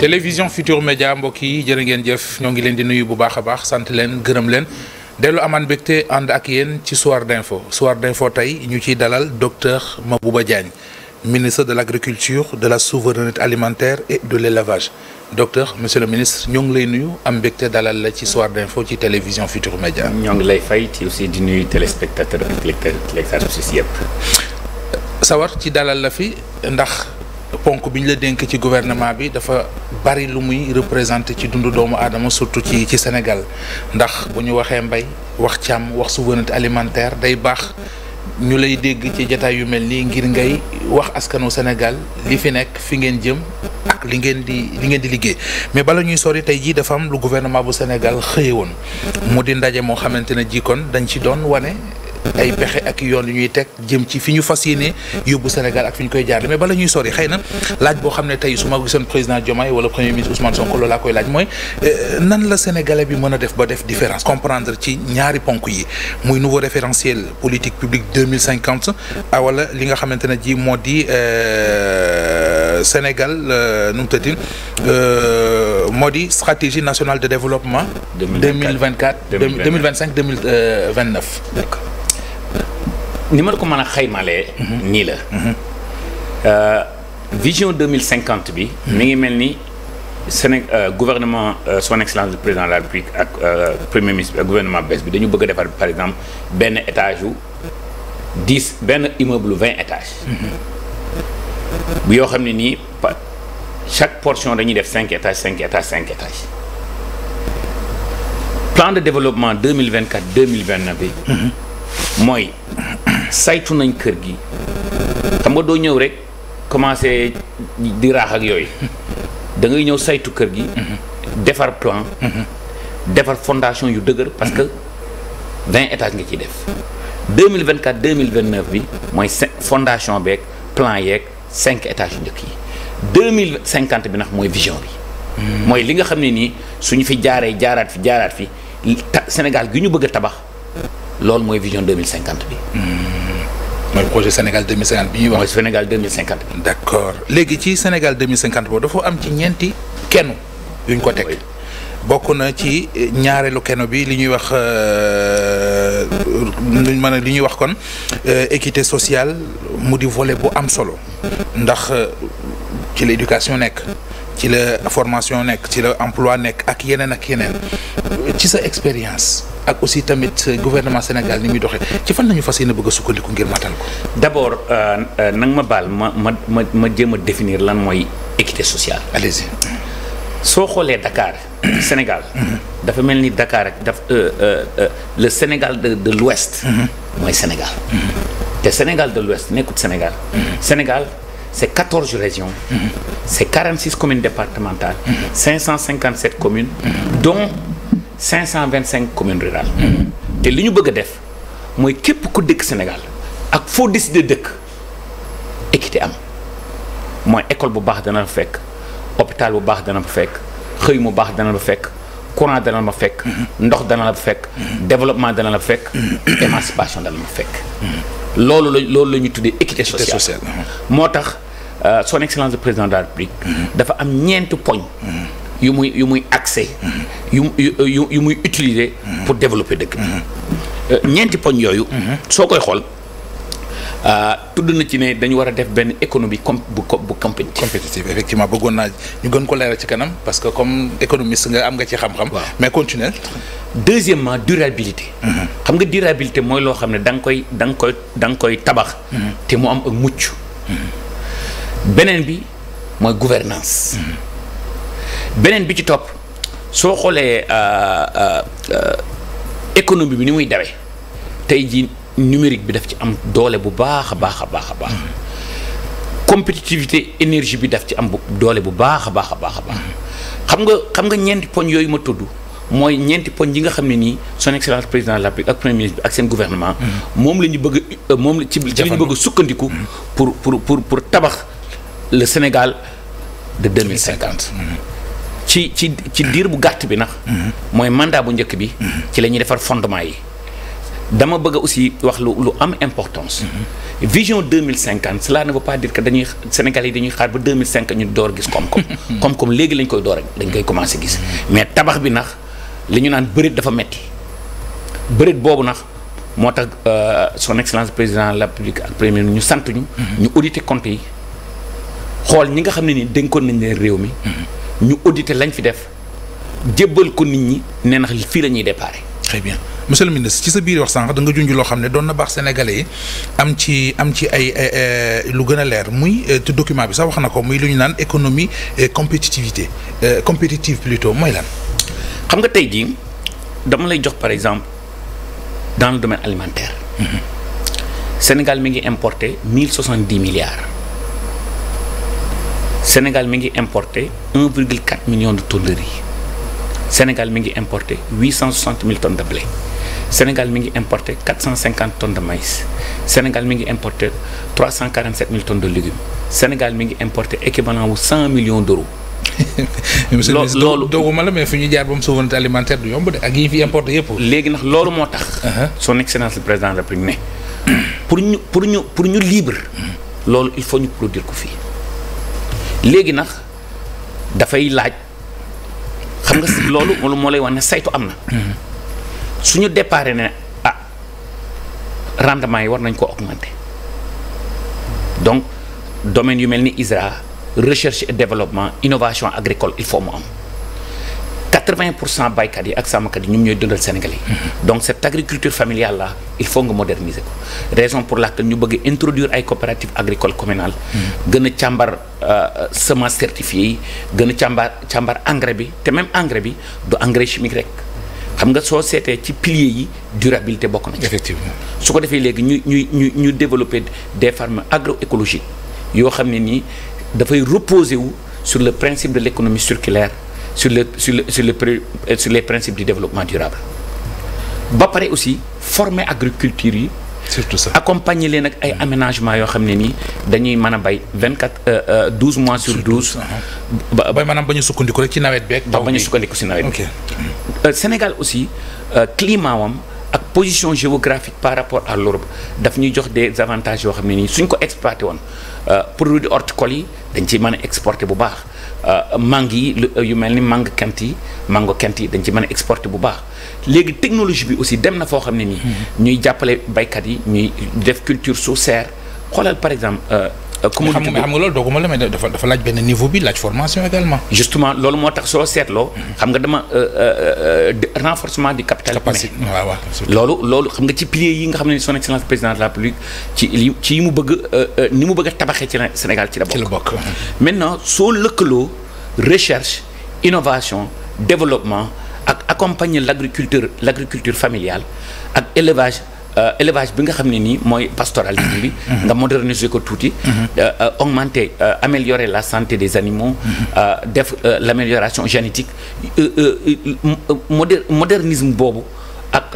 télévision Futur Média mbokk yi jërë ngeen jëf ñoo ngi leen di nuyu bu baax a baax sant leen gërëm leen dellu amaan mbégte ànd ak yéen ci soir d'info soir d'info tey ñu ciy dalal docteur ma Mabouba Diagne ministre de l'agriculture de la souveraineté alimentaire et de l'élevage docteur monsieur le ministre ñoo ngi lay nuyu am mbégte dalal la ci soir d'info ci télévision Futur Média. ñoo ngi lay fay ci aussi di nuyu téléspectateurs ak lecteurs yëpp. sawar ci dalal fi ndax. ponk bi ñu la dénk ci gouvernement bi dafa bari lu muy représenté ci dundu doomu aadama surtout ci ci Sénégal ndax bu ñu waxee mbay wax càmm wax souveraineté alimentaire day baax ñu lay dégg ci jataay yu mel nii ngir ngay wax askanu Sénégal li fi nekk fi ngeen jëm ak li ngeen di li ngeen di liggéey mais bala ñuy sori tey jii dafa am lu gouvernement bu Sénégal xëye woon mu di ndaje moo xamante ne ji kon dañ ci doon wane. ay pexe ak yoon yu ñuy teg jëm ci fi ñu fas yéene yóbbu Sénégal ak fi ñu koy jaarale mais bala ñuy sori xëy na laaj boo xam ne tey su ma gisoon président Diomaye wala premier ministre Ousmane Sonko loolu laa koy laaj mooy euh, nan la sénégalais bi mën a def ba def différence comprendre ci ñaari ponk yi muy nouveau référentiel politique publique deux mille cinquante ah, wala li nga xamante ne ji moo di euh, Sénégal euh, nu mu tëddee moo di stratégie nationale de développement. deux mille vingt quatre deux mille cinq deux mille vingt neuf. ni ma ko mën a xaymalee. Mhm. nii la. Mhm. Euh, vision deux mille cinquante bi. Mhm. mi ngi mel ni Séné euh, gouvernement euh, son excellence le président de la République ak premier ministre ak bi dañu bëgg a defar par exemple benn étage yu dix benn immeuble vingt étages. bu yoo xam ne nii chaque portion dañuy def cinq étages cinq étages cinq étages. plan de développement 2024 2029 bi mooy saytu nañ kër gi xam nga doo ñëw rek commencé di raax ak yooyu da ngay ñëw saytu kër gi defar plan defar fondation yu dëgër parce que vingt étages nga ciy def 2024 2029 bi mooy fondation beeg plan yeeg cinq étages yu njëkk yi 2050 bi nag mooy vision bi mooy li nga xam ne nii suñu fi jaaree jaaraat fi jaaraat fi Sénégal gi ñu bëgg a tabax loolu mooy vision 2050 bi projet Sénégal 2050 bi ñuy wax. mooy Sénégal 2050. d' accord léegi ci Sénégal 2050 boobu dafa am ci ñeenti kenn yuñ ko teg. bokk na ci ñaareelu keno bi li ñuy wax euh, luñ mën a li ñuy wax kon euh, équité sociale mu di volet bu am solo ndax euh, ci la éducation nekk ci la formation nekk ci la emploi nekk ak yeneen ak yeneen ci sa expérience ak aussi tamit gouvernement Sénégal ni muy doxee ci fan nañu fas yéene bëgg a sukkandiku ngir matal ko. d' abord euh, euh, nag ma baal ma ma ma ma jéem a définir lan mooy équité sociale. allez-y soo xoolee Dakar Sénégal. Mhm. dafa mel ni Dakar ak daf euh, le Sénégal de de l'ouest mhm. mooy Sénégal. Mhm. te Sénégal de l'ouest nekkut Sénégal. Sénégal c' est quatorze régions. c' est quarante six communes départementales. cinq cent cinquante sept commune communes rurales. te li ñu bëgg def mooy képp ku dëkk Sénégal ak foo décidé dëkk équité am mooy école bu baax dana fa fekk hôpital bu baax dana fa fekk xëy mu baax dana fa fekk. courant dana la fekk ndox dana la fekk développement dana la fekk émancipation dana la fekk loolu la loolu la ñu tuddee équité sociale uh-huh. moo tax euh, son excellence le président de la république uh-huh. dafa am ñeenti poñ yu muy yu muy accès yu yu yu muy utiliser pour développer dëkk bi euh, ñeenti poñ yooyu soo koy xool euh, tudd na ci ne dañu war a def benn économie com bu bu compétitive. compétitive effectivement bëggoon naa ñu gën ko leeral ci kanam parce que comme économiste nga am nga ci xam-xam. mais continuer. deuxièmement durabilité. Mhm. xam nga durabilité mooy loo xam ne danga koy danga nga da nga koy tabax. Mhm. te mu am ak mucc. Mhm. beneen bi mooy gouvernance beneen bi ci topp soo xoolee euh, euh, euh, économie bi ni muy dawee tey jii numérique bi daf ci am doole bu baax a baax a baax a baax compétitivité énergie bi daf ci am doole bu baax a baax a baax a xam nga xam nga ñeenti poñ yooyu ma tudd mooy ñeenti poñ yi nga xam ne nii son excellence président de la République ak premier ministre bi ak seen gouvernement. Mmh. moom la ñu bëgg moom la ci li ñu bëgg a sukkandiku. Mmh. pour pour pour pour tabax le Sénégal de deux mille cinquante. Mmh. ci ci ci diir bu gàtt bi nag. Mhm. mooy mandat bu njëkk bi. Mhm. ci la ñuy defar fondement yi. dama bëgg aussi wax lu lu am importance. Mhm. vision deux mille cinquante cela ne veut pas dire que dañuy Sénégal yi dañuy xaar ba deux mille cinq ñu door gis koom-koom. koom-koom léegi lañ koy door rek dañ koy commencé gis. mais tabax bi nag li ñu naan bëreet dafa metti bërit boobu nag moo tax euh, son excellence président la République ak premier ñu santuñu ñu. ñu auditer compte yi xool ñi nga xam ne nii dénkoon nañ réew mi. ñu auditer lañ fi def jébbal ko nit ñi nee na fii la ñuy déparé. très bien monsieur ministre ci sa biir wax sànq da nga junj loo xam ne doon na baax sénégalais yi am ci am ci ay lu gën a leer muy euh, te document bi sax wax na ko muy lu ñu naan économie et compétitivité euh, compétitive plutôt mooy lan. xam nga tey jii dama lay jox par exemple dans le domaine alimentaire. Mm-hmm. Sénégal mi ngi importé mille soixante dix milliards. Sénégal mi ngi importé 1,4 million de tonnes de riz Sénégal mi ngi importé 860 000 tonnes de blé Sénégal mi ngi importé 450 tonnes de maïs Sénégal mi ngi importé 347 000 tonnes de légumes Sénégal mi ngi importé équivalent wu 100 millions d'euros loolu loolu dooguma la mais fu ñu jaar ba mu souveraineté alimentaire du yomb de ak yi ñu fi importé yëpp. léegi nag loolu moo tax. Uh-huh. son excellence le président de la République ne. pour ñu pour ñu pour ñu libre. loolu il faut ñu produire ko fii. léegi nag dafay laaj xam nga si loolu moo lay wax ne saytu am na mm-hmm. suñu déparé ne ah rendement yi war nañ ko augmenter donc domaine yu mel ni ISRA recherche et développement innovation agricole il faut mu am 80 pour cent baykat yi ak sàmmkat yi ñoom ñooy dundal Sénégalais yi mhm. donc cette agriculture familiale la il faut nga moderniser ko raison pour laquelle ñu bëgg introduire ay coopératives agricoles communales mhm. gën a càmbar euh, semence certifiée yi gën a càmbar càmbar engrais bi te même engrais bi du engrais chimique rek xam nga soo seetee ci pilier yi durabilité bokk na ci su ko defee léegi ñu ñuy ñu ñu développer des fermes agroécologiques yoo xam ne nii dafay reposer wu sur le principe de l'économie circulaire sur le sur le euh, sur les principes du développement durable ba pare aussi former agriculture yi. surtout ça accompagner leen ak ay aménagements yoo xam ne nii dañuy mën a bay vingt quatre euh, euh, douze mois sur douze. ba ba maanaam ba ñu sukkandiku rek ci nawet beeg. taw bi ba sukkandiku si nawet bi. Sénégal aussi climat wam ak position géographique par rapport à l'Europe daf ñuy jox des avantages yoo xam ne nii suñ ko exploité woon produits horticoles yi dañ ciy mën a exporter bu baax. Euh, mang yi euh, yu mel ni mang kent yi mango kent yi dañ ci mën a exporter bu baax léegi technologie bi aussi dem na foo xam ne nii mhm. ñuy jàppale baykat yi ñuy def culture su serre xoolal par exemple euh, ku euh, mu xam nga loolu dooguma la mais dafa dafa laaj benn niveau bi laaj formation également. justement loolu moo tax soo seetloo. xam nga dama euh, euh, renforcement du capital humain. waaw waaw loolu loolu xam nga ci pilier yi nga xam ne son excellence président de la République ci li ci mu bëgg ni mu bëgg a tabaxee ci Sénégal ci la bokk. ci maintenant soo lëkkaloo recherche innovation développement ak accompagner l' agriculture l' agriculture familiale ak élevage. Euh, élevage bi nga xam ne nii mooy pastoralisme bi mhm. nga moderniser ko tuuti mhm. euh, euh, augmenter améliorer la santé des animaux mhm. def l'amélioration génétique modernisme boobu ak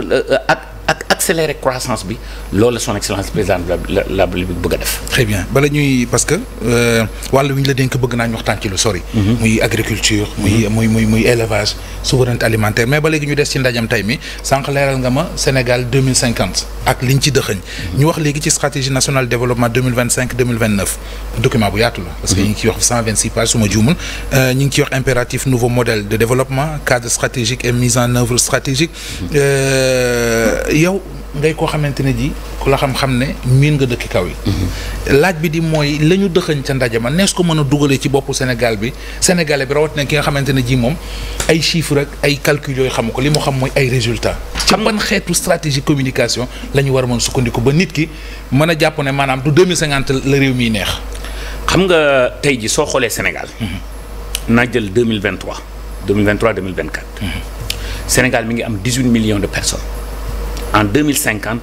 ak ak accélérer croissance bi loolu la excellence la République bëgg a def. très bien bala ñuy parce que euh, wàllu wi ñu la dénk bëgg naa ñu waxtaan ci lu sori. Mhm. muy agriculture. Mhm. muy muy muy élevage souveraineté alimentaire mais ba léegi ñu des ci ndajam tey mi sànq leeral nga ma Sénégal deux mille cinquante ak liñ ci dëxëñ. Mhm. ñu wax léegi ci stratégie nationale développement document bu yaatu parce que ñu ngi ciy wax cent vingt six pages su ma juumul euh, ñu ngi ciy wax impératif nouveau modèle de développement cadre en œuvre stratégique. Euh, yow ngay koo xamante ne ji ku la xam-xam ne miin nga dëkki kaw yi. laaj bi di mooy lañu ñu ca ndaje ma nees ko mën a dugalee ci boppu Sénégal bi sénégalais bi rawatina ki nga xamante ne ji moom ay chiffres ak ay calcul yooyu xamu ko li mu xam mooy ay résultat ci ban xeetu stratégie communication la ñu war a mën sukkandiku ba nit ki mën a jàpp ne maanaam du 2050 la réew mi neex. xam nga tey ji soo xoolee Sénégal. Mhm. naa jël 2023 mille 2024. Mhm. Sénégal mi ngi am 18 millions de personnes. en deux mille cinquante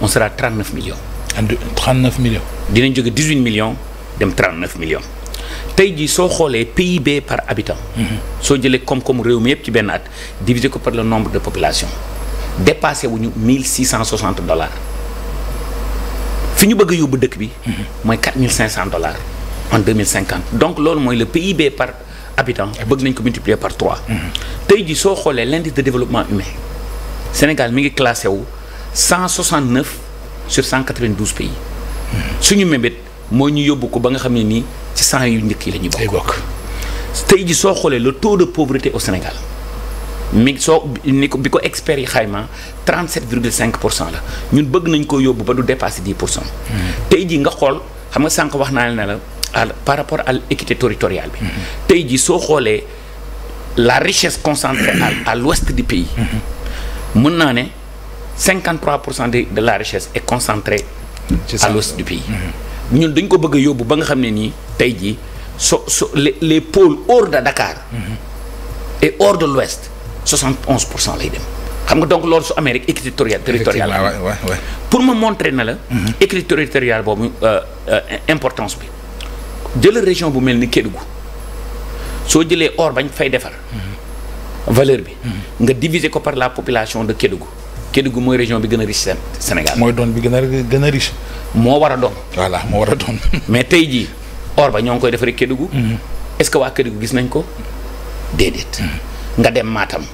on sera trente neuf millions. en trente neuf millions. dinañ jóge dix huit millions dem trente neuf millions. tey jii soo xoolee PIB par habitant. Mhm. soo jëlee koom-koomu réew mi yëpp ci benn at divisé ko par le nombre de population dépassé wu ñu mille six cent soixante dollars fi ñu bëgg a yóbbu dëkk bi. Mhm. mooy quatre mille cinq cent dollars en deux mille donc loolu mooy le PIB par habitant bëgg nañ ko multiplier par trois. Mhm. tey jii soo xoolee l'indice de développement humain. Sénégal mi ngi classé wu 169 sur 192 pays suñu mébét moo ñu yóbbu ko ba nga xam ne nii ci 100 yu njëkk yi la ñuy bokk. tey ji soo xoolee le taux de pobreté au Sénégal mi soo ni ko bi ko experts yi xayma 37 virgule 5 pour cent la ñun bëgg nañ ko yóbbu ba du dépasser 10 pour hmm. tey ji nga xool xam nga sànq wax naa ne la par rapport al équité territoriale bi. Hmm. tey ji soo xoolee la richesse concentrée à à l'ouest du pays. Hmm. mën naa ne 53 pour cent de de la richesse est concentrée à l'ouest du pays mhm. ñun dañ ko bëgg yóbbu ba nga xam ne nii tey jii so so le les pôles hors de Dakar mhm. et hors de l'ouest 71 pour cent lay dem xam nga donc loolu su amee rek équité territoriale pour ma montrer na la mhm. équité territoriale boobu euh, euh, importance bi jëlal région bu mel ni Kédougou soo jëlee or bañ fay defar valeur bi. nga diviser ko par la population de Kédougou. Kédougou mooy région bi gën a riche Sénégal. mooy doon bi gën a gën a riche. moo war a doon. voilà moo war a doon. mais tey jii or ba ñoo ngi koy defaree Kédougou. Mm-hmm. est-ce que waa Kédougou gis nañ ko déedéet. Mm-hmm. nga dem Matam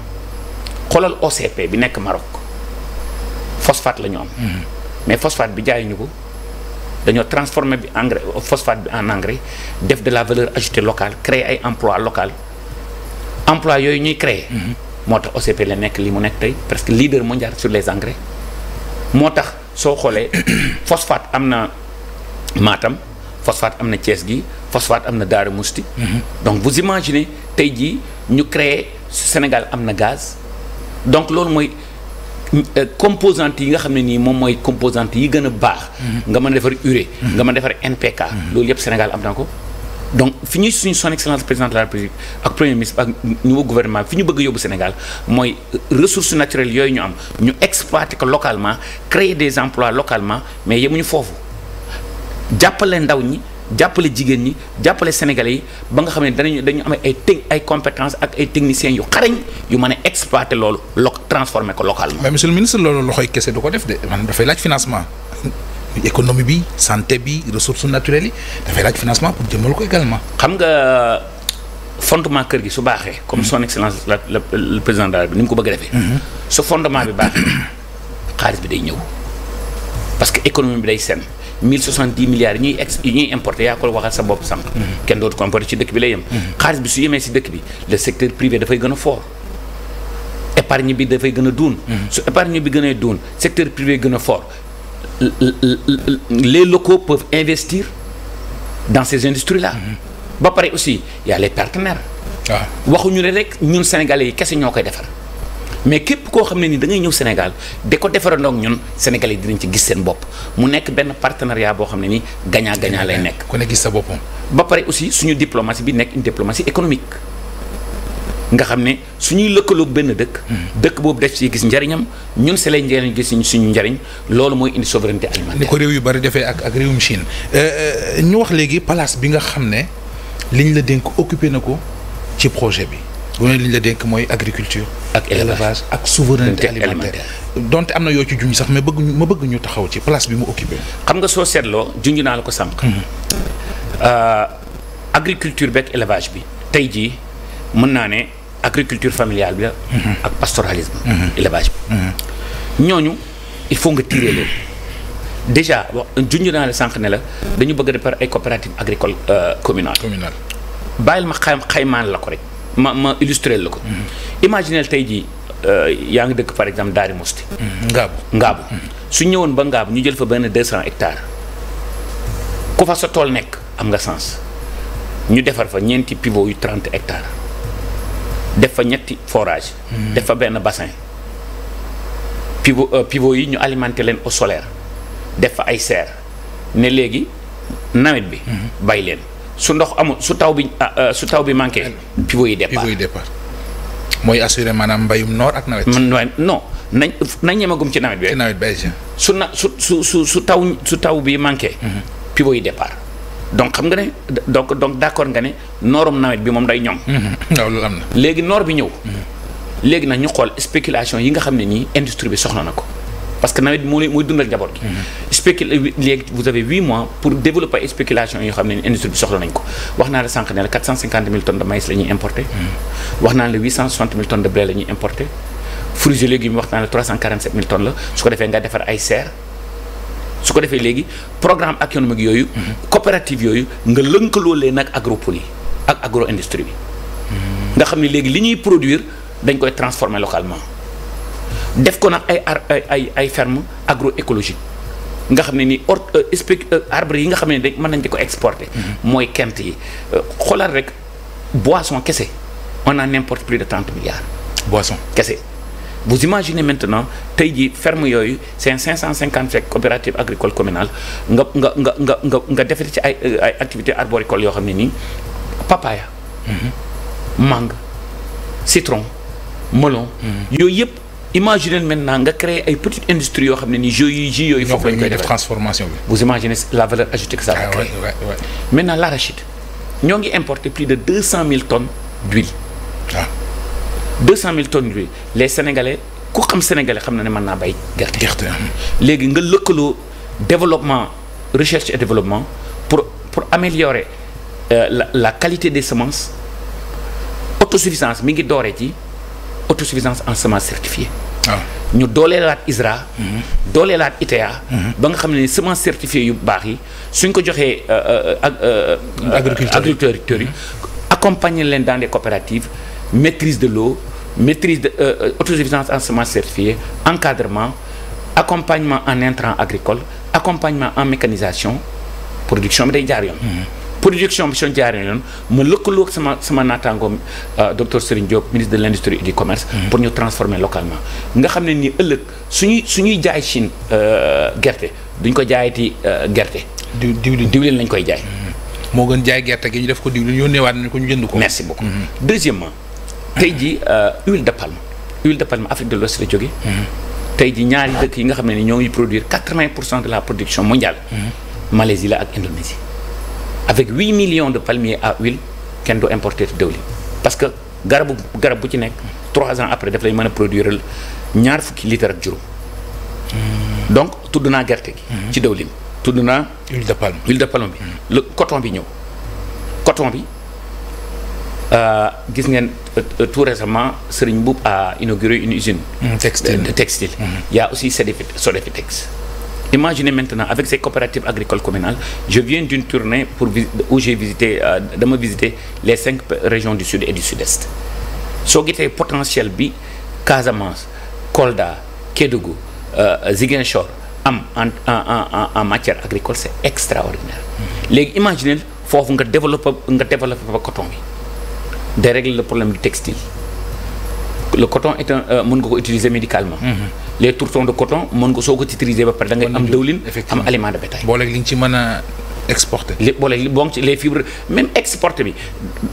xoolal OCP bi nekk Maroc phosphate la ñu am. Mm-hmm. mais phosphate bi jaay jaayuñu ko dañoo transformer bi engrais phosphate bi en engrais def de la valeur ajoutée locale créer ay emploi locale emploi yooyu ñuy créer mhm. moo tax OCP la nekk li mu nekk tey que leader mondial sur les engrais moo tax soo xoolee phosphate am na maatam phosphate am na Thiès gi phosphate am na Darou Mousti mhm. donc vous imaginez tey jii ñu créer Sénégal am na gaz donc loolu mooy euh, composante yi nga xam ne nii moom mooy composante yi gën a baax mhm. nga mën defar urée nga ma defar NPK loolu yëpp Sénégal am na ko donc fi ñuy suñu son excellence président de la république ak premier ministre ak ñu gouvernement fi ñu bëgg yóbbu Sénégal mooy euh, ressources naturelles yooyu ñu am ñu exploiter ko localement créer des emplois localement mais yemuñu foofu jàppale ndaw ñi jàppale jigéen ñi jàppale sénégalais yi ba nga xam ne danañu dañu am ay te ay compétences ak ay techniciens yu xarañ yu mën ne exploiter loolu lo transformer ko localement. mais monsieur le ministre loolu loxoy kese du ko def de man dafay laaj financement. économie bi santé bi ressources naturelles yi dafay laaj financement pour jëmal ko également. xam nga fondement kër gi su baaxee. comme hmm. son excellence la la le président daal bi ni mu ko bëgg a hmm. su fondement bi baaxee xaalis bi day ñëw bi day seen. mille soixante dix milliards yi ñuy ex yi ñuy importé yaa ko waxal sa bopp sànq. Hmm. kenn dootu ko importé ci dëkk bi lay yem. xaalis bi su yemee si dëkk bi le secteur privé dafay gën a fort épargne bi dafay gën a duun. su épargne bi gënee duun secteur privé gën a fort les locaux peuvent investir dans ces industries-là. Mhm. ba pare aussi yàlla a les partenaires. waaw ah. waxuñu ne rek ñun sénégalais yi kese ñoo koy defar mais képp koo xam ne ni da ñëw Sénégal de ko defarandoo ak ñun sénégalais yi dinañ ci gis seen bopp mu nekk benn partenariat boo xam ne ni gagnant gagnant lay nekk. ku ne gis sa boppam. ba pare aussi suñu diplomatie bi nekk une diplomatie économique. nga xam ne suñuy lëkkaloog benn dëkk dëkk boobu def ci gis njariñam ñun si lay njariñ gis suñu njariñ loolu mooy indi souveraineté alimentaire. ni ko réew yu bari defee ak ak réewum Chine euh, euh, ñu wax léegi place bi nga xam ne li ñu la denk occupé na ko ci projet bi bu ne liñ la dénk mooy agriculture ak élevage ak souveraineté alimentaire donte am na yoo ci junj sax mais bëgg ma bëgg ñu taxaw ci place bi mu occupé xam nga soo seetloo junj naa la ko sànq mhm. euh, agriculture beeg élevage bi tey jii mën naa ne agriculture familial bi la. Mhm. ak pastoralisme. Mhm. élevage bi. Mhm. ñooñu il faut nga tirer leen déjà wax naa la sànq ne la dañu bëgg a par ay coopérative agricole euh, communale. communale bàyyil ma xay xaymaan la ko rek ma ma illustrer la ko. imagineel tey jii euh, yaa ngi dëkk par exemple Daari Mousty. Ngaabu Ngaabu. su ñëwoon ba Ngaabu ñu jël fa benn 200 hectares ku fa sa tool nekk am nga sens ñu defar fa ñeenti pivot yu 30 hectares. def fa ñetti forage hmm. def fa benn bassin pivot euh, pivot yi ñu alimenté leen au solaire def fa ay serre ne léegi nawet bi hmm. bay leen su ndox amul su taw bi ah, euh, su taw bi manqué pivot yi départ pivot yi mooy assuré maanaam mbayum noor ak nawet non na nañ ñemagum ci nawet bi rek su na su su su su taw su taw bi manqué hmm. pivot yi départ donc xam nga ne donc donc d'accord nga ne noorum nawet bi moom day ñoŋ. Mhm. waaw loolu am na. léegi noor bi ñëw. Mhm. léegi nag ñu xool spéculation yi nga xam ne nii industrie bi soxla na ko parce que nawet bi moo lay mooy dundal njaboot gi. Mhm. spécul euh, léegi vous avez huit mois pour développer ay spéculation xam ne nii industrie bi soxla nañ ko wax naa la sànq ne la mille tonnes de maïs la ñuy importer. wax naa wax naa la mille tonnes la su ko defee nga defar ay serre. su ko defee léegi programme économique yooyu coopérative yooyu nga lënkaloo leen nag agropoli ak agro industrie bi nga xam ne léegi li ñuy produire dañ koy transformer localement def ko nag ay ay ay agro écologie nga xam ne ni or spec euh, euh, arbre yi nga xam ne dañ mën nañ di ko exporter mooy kent yi euh, xoolal rek boisson kese on en importe plus de 30 milliards boisson kese vous imaginez maintenant tey ji ferme yooyu c'est 555 coopératives agricoles communales nga nga nga nga nga nga defati ci ay euh, activité activités yoo xam ne nii papaya mhm. mangue citron melon mhm. yooyu yëpp imaginez maintenant nga créer ay petite industrie yoo xam ne nii jus yi jus yooyu foofu lañ koy def transformation bi vous imaginez la valeur ah ñoo ngi importer plus de 200 000 tonnes d'huile 200 000 tonnes yooyu les sénégalais ku xam sénégalais xam na ne man naa bay gerte. gerte léegi nga lëkkaloo développement recherche et développement pour pour améliorer euh, la la qualité des semence autosuffisance mi ngi dooree ci autosuffisance en semence certifiées. waaw ah. ñu dooleelaat ISRA. Mhm. dooleelaat ITA. Mhm. ba nga xam ne semence certifiée yu baax yi suñ ko joxee euh, euh, ak agriculteurs yi mhm. accompagner leen dans des coopératives. maîtrise de l'eau maîtrise de euh, euh autosuffisance en semences certifiées encadrement accompagnement en intrant agricole accompagnement en mécanisation production bi day jaar yoon. Mhm. production bi soo jaaree yoon ma lëkkaloo ak sama sama naataangoom euh, docteur Serigne Diop ministre de l' industrie et du commerce. Mhm. pour ñu transformer localement. nga xam ne nii ëllëg suñuy ñuy jaay Chine euh, gerte duñ ko jaayati gerte. diw diwlin diwlin lañ koy jaay. Mhm. moo gën jaay gerte gi ñu def ko diwlin yónneewaat nañ ko ñu jënd ko. merci beaucoup tey ji euh, huile de palme huile de palme Afrique de l'Ouest la jóge tey ji ñaari dëkk yi nga xam ne ni ñoo ngi produire quatre-vingts pour cent de la production mondiale Malaisie la ak Indonésie avec huit de palmiers à huile kenn du importer diwlin parce que garabu garab bu ci nekk trois ans après daf lay mën a produire ñaar fukki litre ak juróom donc tudd naa gerte gi ci diwlin tudd naa huile de palme huile de palme bi coton bi ñëw coton bi Euh, gis ngeen euh, tout récemment Serigne Mboup a inauguré une usine. textile de textile. Mm-hmm. il y a aussi Sodefitex. Imaginez maintenant, avec ces coopératives agricoles communales, je viens d'une tournée pour, où j'ai visité, euh, de me visiter les cinq régions du sud du sud-est. soo gisee potentiel bi Casamance Kolda Kédougou euh, Ziguinchor am en en en en matière agricole c'est extraordinaire mm-hmm. léegi imaginez foofu nga développé nga développé ba coton bi. de régler le problème du textile le coton est euh, mën nga ko utiliser médicalement. Mhm. les tourtons de coton mën nga soo ko titrisé ba pare da ngay am. dëwlin am aliment de bétail. booleeg li nga ci mën a exporté lépp boole li ci les fibres même exporté bi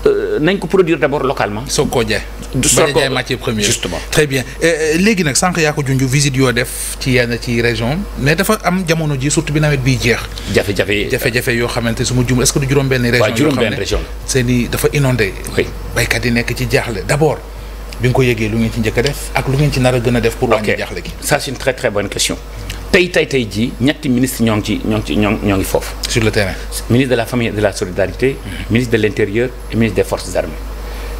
euh, nañ ko produire d' abord localement. soo koo jaay. soog koo jaay matière première justement très bien euh, euh, léegi nag sànq yaa ko junj visite yoo def ci yenn ci région mais dafa am jamono ji surtout bi nawet biy jeex. jafe-jafe yoo xamante su ma jum est ce que du juróom-benn région waaw juróom-benn région la i dafa inondé. oui béykat yi nekk ci jaaxle d' abord. bi nga ko yëgee lu ngeen ci njëkk def ak lu ngeen ci nar a gën a def. pour wàññi jaaxle gi ça c' est une tey tey tey jii ñetti ministre ñoo ngi ci ñoo ngi ci ñoo ñoo ngi foofu. sur le terrain. ministre de la famille de la solidarité. Mhm. ministre de l' intérieur et ministre des forces armées.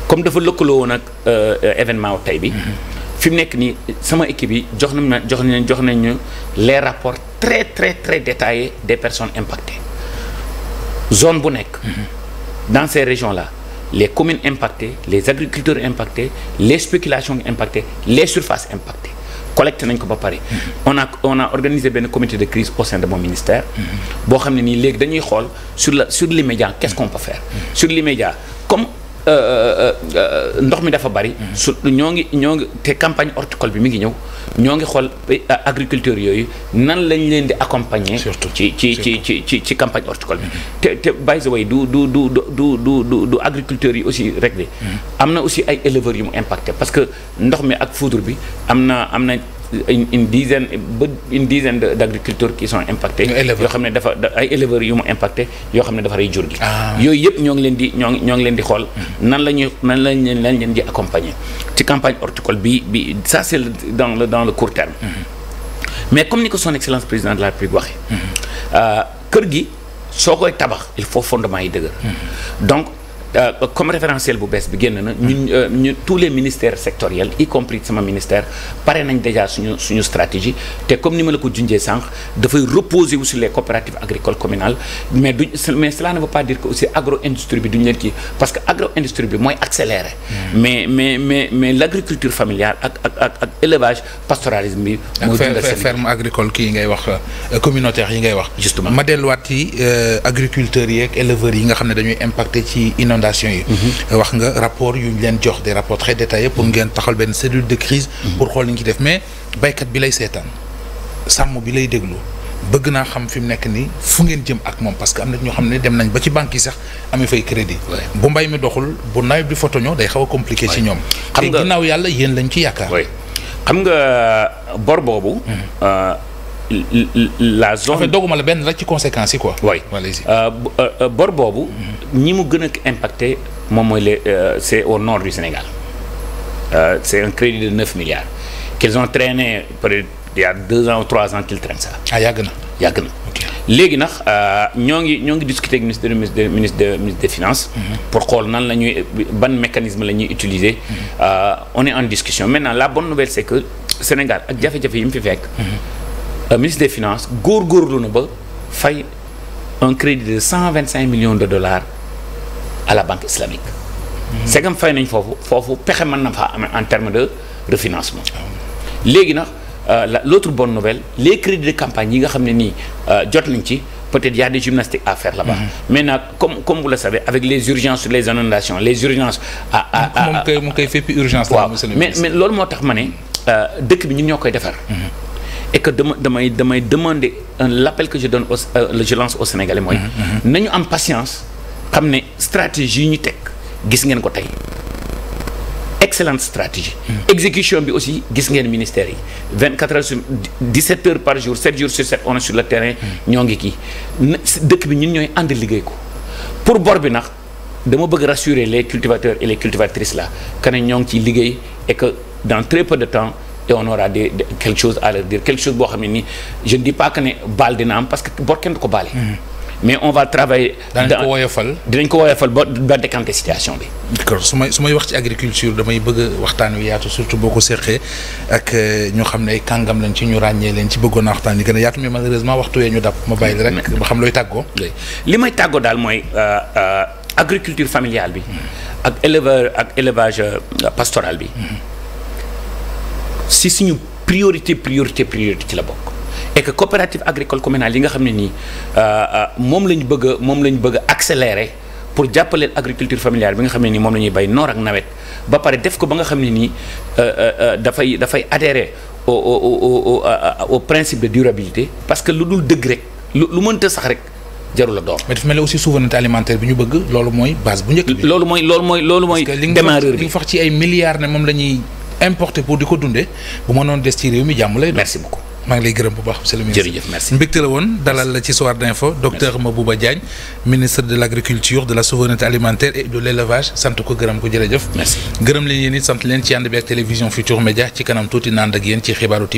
comme dafa lëkkaloo woon ak euh, euh, événement tey bi. Mhm. fi mu nekk nii sama équipe yi jox nañ ma jox nañ jox nañ les rapports très très très détaillés des personnes impactées zone bu nekk. Mhm. dans ces régions la les communes impactées les agriculteurs impactés les spéculations impactées les surfaces impactées collecté nañ ko ba pare. on a on a organisé benn comité de crise au sein de mon ministère. boo xam ne nii léegi dañuy xool sur la sur l'immédiat qu'est-ce qu'on peut faire. sur l'immédiat comme Euh, euh, euh, ndox mi dafa bari. Mhm. su ñoo ngi ñoo ngi te campagne horticole bi mi ngi ñëw ñoo ngi xool eh, agriculteurs yooyu nan lañ leen di accompagner. surtout ci ci ci ci ci ci campagne horticole bi. Mhm. te te by the way du du du du du du du agriculteurs yi aussi rek de. Mhm. am na aussi ay éleveurs yu mu impacté parce que ndox mi ak foudre bi am na am na. une, une dizaine ba une dizaine d' agriculteurs qui sont impactés. yoo xam ne dafa ay éleveurs yu mu impacté yoo xam ne dafa rey jur gi. Ah. yooyu yëpp ñoo ngi leen di ñoo ñoo leen di xool. Hmm. nan la ñuy nan lañ leen di accompagner ci campagne horticole bi bi ça c' dans le dans le court terme. Hmm. mais comme ni ko son excellence président de la République waxee. Hmm. Euh, kër gi soo koy tabax il faut fondement yi dëgër. donc Euh, comme référentiel bu bees bi génn na ñun euh, ñun tous les ministères sectoriels y compris sama ministère pare nañ déjà suñu stratégie te comme ni ma la ko junjee sànq dafay reposer aussi agro industrie bi duñ mm. mais mais mais mais ak ak ak bi mooy agricole kii ngay wax euh, communautaire yi ngay wax justement ma delluwaat yi ak éleveurs yi nga xam ne dañuy impacté ci inondation recommandations yi mhm. wax nga rapport yu ñu leen jox des rapports très détaillés pour ngeen taxal benn cellule de crise mhm. pour xool li def mais baykat bi lay seetaan sàmm bi lay déglu bëgg naa xam fi mu nekk nii fu ngeen jëm ak moom parce que am na ñoo xam ne dem nañ ba ci banque yi sax amee fay crédit. bu mbay mi doxul bu nawet bi foto ñoo day xaw a compliqué. ci ñoom xam nga ginnaaw yàlla yéen lañ ci yaakaar. xam nga bor boobu. Mhm. Euh, la zone. en doguma la benn rek ci conséquences yi quoi. oui euh, euh, euh, bor boobu. ñi mu gën a impacté moom mooy les c' est au nord du Sénégal euh, c' est un crédit de 9 milliards qu'ils ont traîné peut-être il y a deux ans ou trois ans qu'ils traînent ça. ah yàgg na yàgg na. léegi nag ñoo ngi ñoo ngi discuter ak ministre de ministre de ministre des finances. Mhm. pour xool nan la ñuy ban mécanisme la ñuy utiliser. Mhm. on est en discussion maintenant la bonne nouvelle c' est que Sénégal ak jafe-jafe yi mu fi fekk. Mhm. Euh, ministre des finances góorgóorlu na ba fay un crédit de cent vingt cinq millions de dollars à la banque islamique. Hmm. segam fay nañ foofu foofu pexe mën na faa amee en terme de refinancement. léegi nag euh, la l' autre bonne nouvelle les crédits de campagne yi nga xam ne nii euh, jot nañ ci. peut-être y a des gymnastiques à faire là-bas. Hmm. maintenant comme comme vous le savez avec les urgences les inondations les urgences. à à à moom kay moom kay mais mais loolu moo tax ma ne dëkk bi ñu ñoo koy defar. Hmm. et que dama damay damay demander un l'appel que je donne au euh, je lance au Sénégalais mooy. Mm-hmm, mm-hmm. nañu am patience xam ne stratégie yi ñu teg gis ngeen ko tey excellente stratégie. Mm. exécution bi aussi gis ngeen ministère yi vingt 24 heures sur 17 heures par jour 7 jours sur 7 on est sur le terrain. Mm. ñoo ngi kii dëkk bi ñu ñooy ànd liggéey ko pour bor bi nag dama bëgg rassurer les cultivateurs et les cultivatrices là que ñoo ngi ciy liggéey et dans très peu de temps et on quelque chose à leur dire boo xam ne nii je ne dis pas que ne baal dina am parce que bor kenn du ko baale. Mhm. mais on va travailler. dinañ ko woyofal dinañ ko woyofal ba ba décanter situation bi. d'accord su may su may wax ci agriculture damay bëgg waxtaan wi yaatu surtout boo ko seqee ak euh, ñoo xam ne kàngam lañ ci ñu ràññee leen ci bëggoon a waxtaan yi gën a yaatu mais malheureusement waxtu wee ñu dab ma rek ba xam looy tàggoo. li may tàggoo daal mooy euh, euh, agriculture familiale bi. ak éleveur ak élevage pastoral bi. Mhm. priorité priorité priorité ci la bokk et que coopérative euh, euh, moom la ñu bëgg moom la ñu bëgg a accélérer pour jàppaleel agriculture familiale bi nga xam ne nii moom la ñuy bay noor ak nawet ba pare def ko ba nga xam ne nii euh, dafay dafay adhérer au au au au principe de durabilité parce que lu dul dëgg rek lu mënta sax rek. jarul a doon mais dafa mel aussi souveraineté alimentaire bi ñu bëgg loolu mooy base bu njëkk loolu mooy loolu mooy li nga wax ci ay milliards ne moom la ñuy importé pour di ko dundee bu mënoon des ci réew mi jàmm lay. merci beaucoup maa ngi lay gërëm bu baax monsieur le ministre jërëjëf merci mbégte la woon dalal la ci soir d'info docteur Mabouba Diagne ministre de l'agriculture de la souveraineté alimentaire et de l'élevage sant ko gërëm ko jërëjëf. merci gërëm leen yéen it sant leen ci ànd bi ak télévision Futur Média ci kanam tuuti naan ak yéen ci xibaaru